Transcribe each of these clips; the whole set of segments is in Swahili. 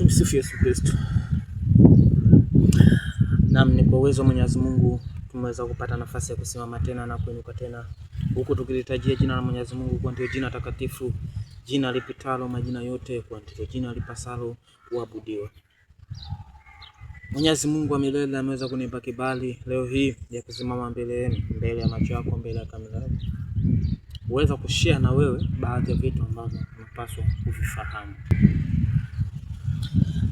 Tumsifu Yesu Kristo. Naam, ni kwa uwezo wa Mwenyezi Mungu tumeweza kupata nafasi ya kusimama tena na kuinuka tena huku tukilitajia jina la Mwenyezi Mungu kwa ndio jina takatifu, jina lipitalo majina yote, kwa ndio jina lipasalo kuabudiwa. Mwenyezi Mungu wa milele ameweza kunipa kibali leo hii ya kusimama mbele yenu, mbele ya macho yako, mbele ya kamera yako, uweza kushare na wewe baadhi ya vitu ambavyo unapaswa kuvifahamu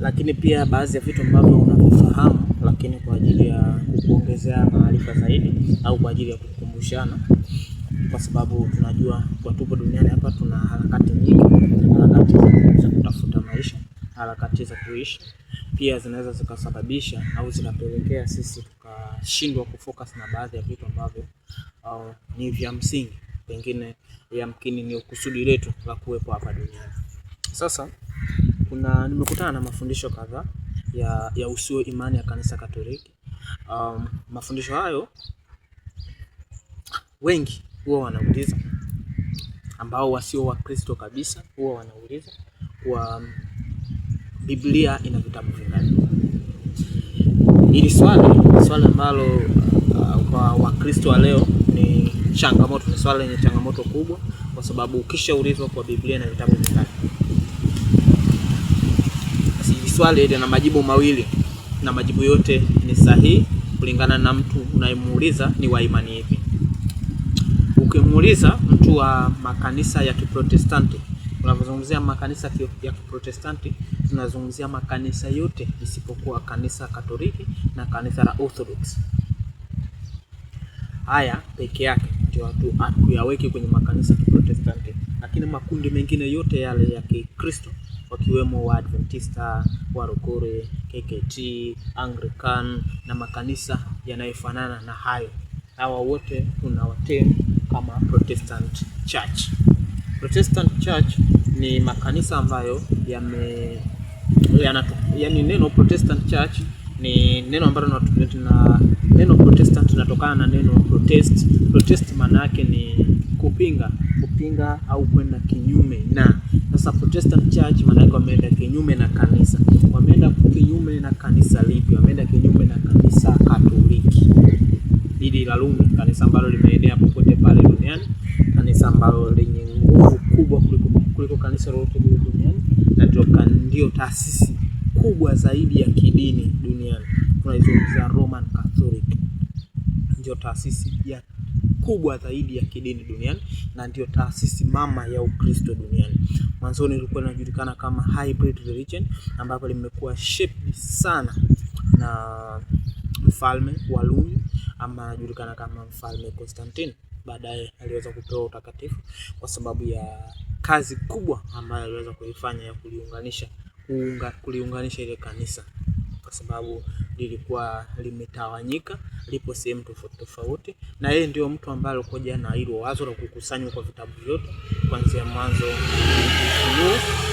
lakini pia baadhi ya vitu ambavyo unavifahamu, lakini kwa ajili ya kukuongezea maarifa zaidi au kwa ajili ya kukumbushana, kwa sababu tunajua kwa tupo duniani hapa, tuna harakati nyingi, harakati za kutafuta maisha, harakati za kuishi pia zinaweza zikasababisha au zinapelekea sisi tukashindwa kufocus na baadhi ya vitu ambavyo ni vya msingi, pengine yamkini ni kusudi letu la kuwepo hapa duniani. Sasa kuna nimekutana na mafundisho kadhaa ya, ya usio imani ya kanisa Katoliki. Um, mafundisho hayo wengi huwa wanauliza, ambao wasio Wakristo kabisa huwa wanauliza kwa um, Biblia ina vitabu vingapi? Hili swali swali ambalo uh, kwa Wakristo wa leo ni changamoto, ni swali lenye changamoto kubwa, kwa sababu ukishaulizwa kwa Biblia ina vitabu vingapi swali lina majibu mawili na majibu yote ni sahihi kulingana na mtu unayemuuliza ni wa imani ipi. Ukimuuliza mtu wa makanisa ya Kiprotestanti, tunapozungumzia makanisa ya Kiprotestanti tunazungumzia makanisa yote isipokuwa kanisa Katoliki na kanisa la Orthodox. Haya peke yake ndio tuyaweke kwenye makanisa ya Kiprotestanti, lakini makundi mengine yote yale ya Kikristo wakiwemo wa Waadventista, Warokore, KKT, Anglican na makanisa yanayofanana na hayo. Hawa wote tunawatenga kama Protestant Church. Protestant Church ni makanisa ambayo yame yani neno Protestant Church ni neno ambalo tuna neno Protestant tunatokana na neno protest. Protest maana yake ni kupinga, kupinga au kwenda kinyume na sasa Protestant Church maana wameenda kinyume na kanisa. Wameenda kinyume na kanisa lipi? Wameenda kinyume na kanisa Katoliki hili la Rumi, kanisa ambalo limeenea popote pale duniani, kanisa ambalo lenye nguvu kubwa kuliko, kuliko kanisa lolote duniani, na ndio taasisi kubwa zaidi ya kidini duniani. Tunaizungumzia Roman Catholic, ndio taasisi ya kubwa zaidi ya kidini duniani na ndio taasisi mama ya Ukristo duniani mwanzoni lilikuwa linajulikana kama hybrid religion, ambapo limekuwa shaped sana na mfalme wa Rumi ama anajulikana kama mfalme Constantine. Baadaye aliweza kupewa utakatifu kwa sababu ya kazi kubwa ambayo aliweza kuifanya ya kuliunganisha kuunga, kuliunganisha ile kanisa kwa sababu lilikuwa limetawanyika lipo sehemu tofauti tofauti, na yeye ndio mtu ambaye alikuwa na hilo wazo la kukusanywa kwa vitabu vyote kuanzia mwanzo.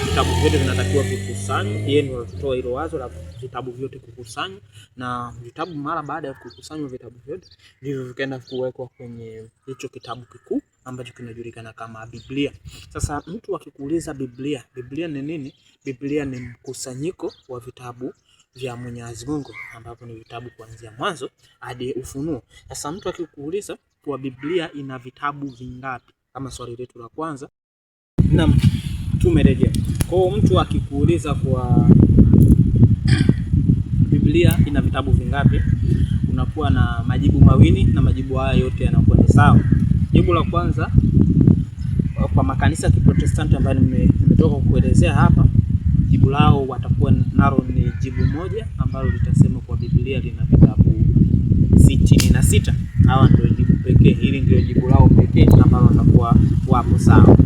Vitabu vyote vinatakiwa kukusanywa, yeye ndio alitoa hilo wazo la vitabu vyote kukusanywa, na vitabu mara baada ya kukusanywa vitabu vyote ndivyo vikaenda kuwekwa kwenye hicho kitabu kikuu ambacho kinajulikana kama Biblia. Sasa mtu akikuuliza Biblia, Biblia ni nini? Biblia ni mkusanyiko wa vitabu vya Mwenyezi Mungu ambapo ni vitabu kuanzia Mwanzo hadi Ufunuo. Sasa mtu akikuuliza kwa Biblia ina vitabu vingapi, kama swali letu la kwanza, naam, tumerejea. Kwa hiyo mtu akikuuliza kwa Biblia ina vitabu vingapi, unakuwa na majibu mawili na majibu haya yote yanakuwa ni sawa. Jibu la kwanza kwa makanisa ya Kiprotestanti ambayo nimetoka kuelezea hapa jibu lao watakuwa nalo ni jibu moja ambalo litasema kwa Biblia lina vitabu sitini na sita. Hawa ndio jibu pekee, hili ndio jibu lao pekee ambalo watakuwa wapo sawa.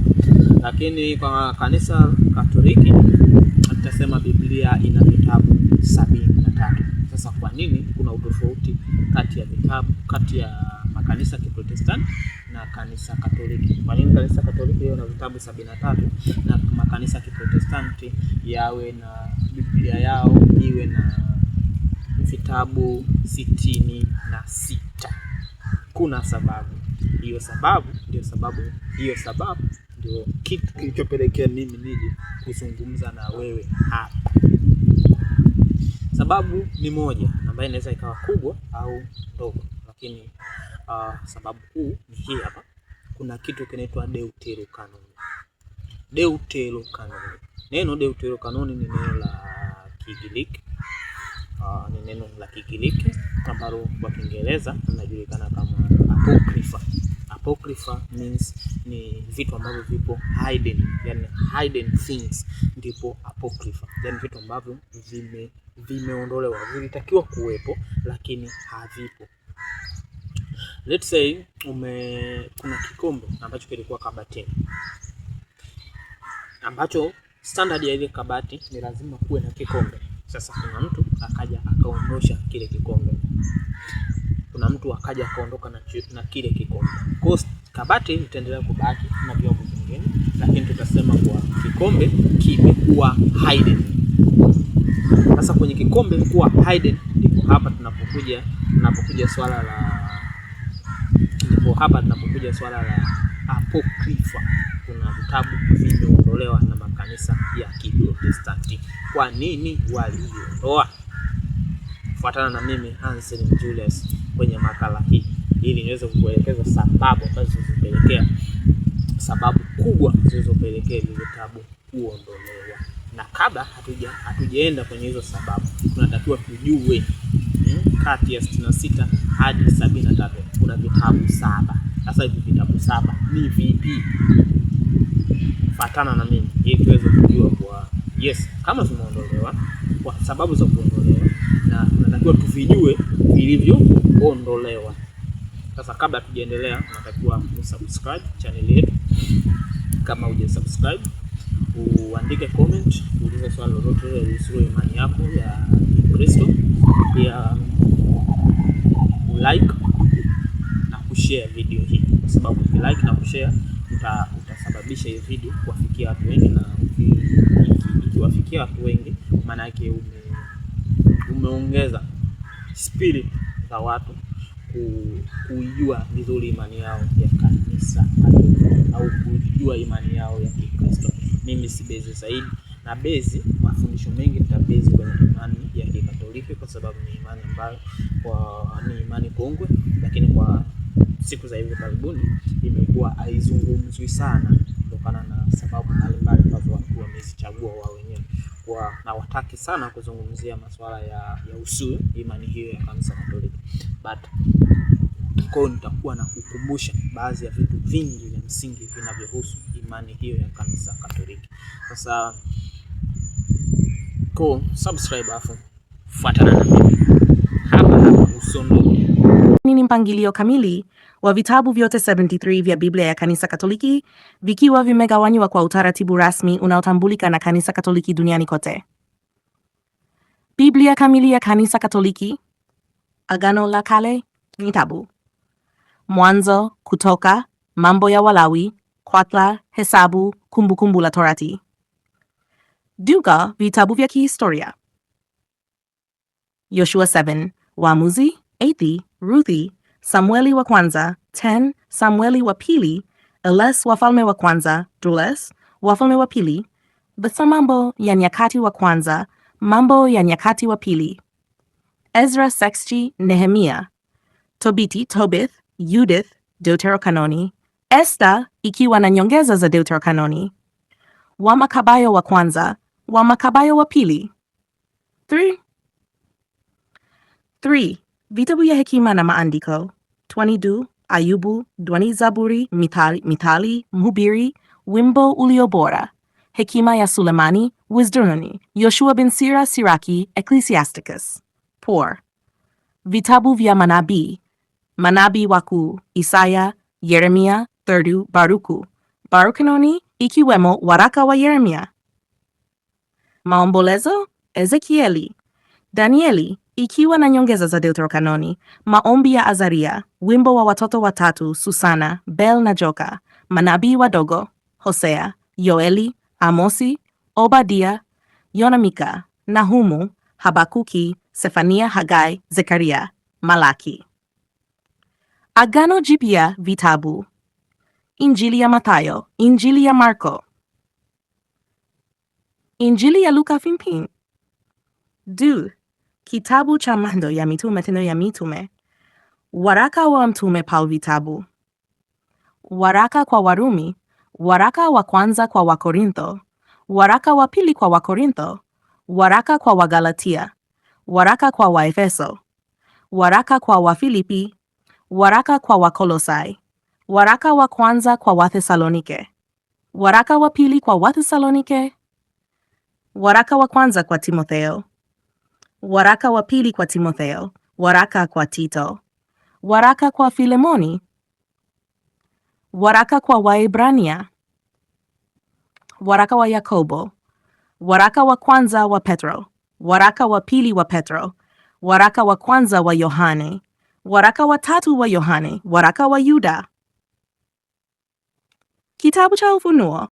Lakini kwa kanisa Katoliki litasema Biblia ina vitabu sabini na tatu. Sasa kwa nini kuna utofauti kati ya vitabu kati ya makanisa ya Kiprotestanti na kanisa Katoliki. Kwa nini kanisa Katoliki liwe na vitabu sabini na tatu na makanisa ya Kiprotestanti yawe na Biblia yao iwe na vitabu sitini na sita? Kuna sababu hiyo, sababu ndio sababu hiyo, sababu ndio kitu kilichopelekea mimi nije kuzungumza na wewe hapa. Sababu ni moja ambayo inaweza ikawa kubwa au ndogo, lakini Uh, sababu kuu ni hii hapa. Kuna kitu kinaitwa deuterokanoni. Deuterokanoni, neno deuterokanoni ni neno la Kigiriki uh, ni neno la Kigiriki ambalo kwa Kiingereza linajulikana kama apocrypha. Apocrypha means ni vitu ambavyo vipo hidden, yani hidden things ndipo apocrypha, yani vitu ambavyo vime vimeondolewa, vilitakiwa kuwepo lakini havipo. Let's say ume kuna kikombe ambacho kilikuwa kabatini ambacho standard ya ile kabati ni lazima kuwe na kikombe. Sasa kuna mtu akaja akaondosha kile kikombe, kuna mtu akaja akaondoka na, na kile kikombe. Kwa kabati itaendelea kubaki na vyombo vingine, lakini tutasema kuwa kikombe kimekuwa hidden. Sasa kwenye kikombe kuwa hidden ndipo hapa tunapokuja tunapokuja swala la ndipo hapa tunapokuja swala la apokrifa. Kuna vitabu vimeondolewa na makanisa ya Kiprotestanti. Kwa nini waliondoa? Fuatana na mimi Anselm Julius kwenye makala hii ili niweze kukuelekeza sababu ambazo zilizopelekea, sababu kubwa zilizopelekea hivi vitabu kuondolewa. Na kabla hatuja hatujaenda kwenye hizo sababu, tunatakiwa tujue kati ya sitini na sita hadi sabini na tatu kuna vitabu saba. Sasa hivi vitabu saba ni vipi? Fatana na mimi ili tuweze kujua kwa yes, kama zimeondolewa kwa sababu za kuondolewa, na tunatakiwa tuvijue vilivyoondolewa. Sasa kabla tujaendelea, unatakiwa kusubscribe channel yetu kama hujasubscribe uandike comment, ulize swali lolote lisilo imani yako ya Kristo, pia ulike na kushare video hii, kwa sababu ukilike na kushare uta, utasababisha hiyo video kuwafikia watu wengi, na ikiwafikia watu wengi, maana yake ume, umeongeza spirit za watu kuijua vizuri imani yao ya kanisa au kuijua imani yao ya mimi si bezi zaidi na bezi mafundisho mengi bezi kwenye imani ya Kikatoliki kwa sababu ni imani ambayo kwa ni imani kongwe, lakini kwa siku za hivi karibuni imekuwa haizungumzwi sana kutokana na sababu mbalimbali ambazo watu wamezichagua wao wenyewe kwa na wataki sana kuzungumzia masuala ya, ya usuu imani hiyo ya kanisa Katoliki but kwa hiyo nitakuwa na kukumbusha baadhi ya vitu vingi vya msingi vinavyohusu imani hiyo ya kanisa Katoliki. Sasa ko subscribe, afu fuatana na mimi hapa hapa usondoke. Nini mpangilio kamili wa vitabu vyote 73 vya Biblia ya Kanisa Katoliki vikiwa vimegawanywa kwa utaratibu rasmi unaotambulika na Kanisa Katoliki duniani kote. Biblia kamili ya Kanisa Katoliki, Agano la Kale, vitabu Mwanzo, Kutoka, Mambo ya Walawi, Kwatla, Hesabu, Kumbukumbu kumbu la Torati. Duka vitabu vya kihistoria: Yoshua 7, Waamuzi, 8 Ruthi, Samueli wa Kwanza 10, Samueli wa Pili, Eles Wafalme wa Kwanza, Jules Wafalme wa Pili, Besa Mambo ya Nyakati wa Kwanza, Mambo ya Nyakati wa Pili, Ezra, 6, Nehemia, Tobiti, Tobith, Judith Deuterokanoni, Esther ikiwa na nyongeza za Deuterokanoni, Wamakabayo wa kwanza, Wamakabayo wa pili. 3. 3. Vitabu ya hekima na maandiko du Ayubu, dwani Zaburi, Mithali, Mithali, Mhubiri, Wimbo ulio bora, Hekima ya Sulemani, Wisdom, Yoshua bin Sira, Siraki, Ecclesiasticus. 4. Vitabu vya manabii manabii wakuu Isaya, Yeremia, Thirdu, Baruku. Barukanoni ikiwemo waraka wa Yeremia. Maombolezo Ezekieli, Danieli ikiwa na nyongeza za Deuterokanoni, maombi ya Azaria, wimbo wa watoto watatu Susana, Bel na Joka, manabii wadogo Hosea, Yoeli, Amosi, Obadia, Yonamika, Nahumu, Habakuki, Sefania, Hagai, Zekaria, Malaki. Agano Jipya vitabu. Injili ya Mathayo, Injili ya Marko, Injili ya Luka Fimpin. Du, kitabu cha Mando ya Mitume, Matendo ya Mitume, waraka wa Mtume pau vitabu, waraka kwa Warumi, waraka wa kwanza kwa Wakorintho, waraka wa pili kwa Wakorintho, waraka kwa Wagalatia, waraka kwa Waefeso, waraka kwa Wafilipi, Waraka kwa Wakolosai, waraka wa kwanza kwa Wathesalonike, waraka wa pili kwa Wathesalonike, waraka wa kwanza kwa Timotheo, waraka wa pili kwa Timotheo, waraka kwa Tito, waraka kwa Filemoni, waraka kwa Waebrania, waraka wa Yakobo, waraka wa kwanza wa Petro, waraka wa pili wa Petro, waraka wa kwanza wa Yohane, Waraka wa tatu wa Yohane, waraka wa Yuda. Kitabu cha Ufunuo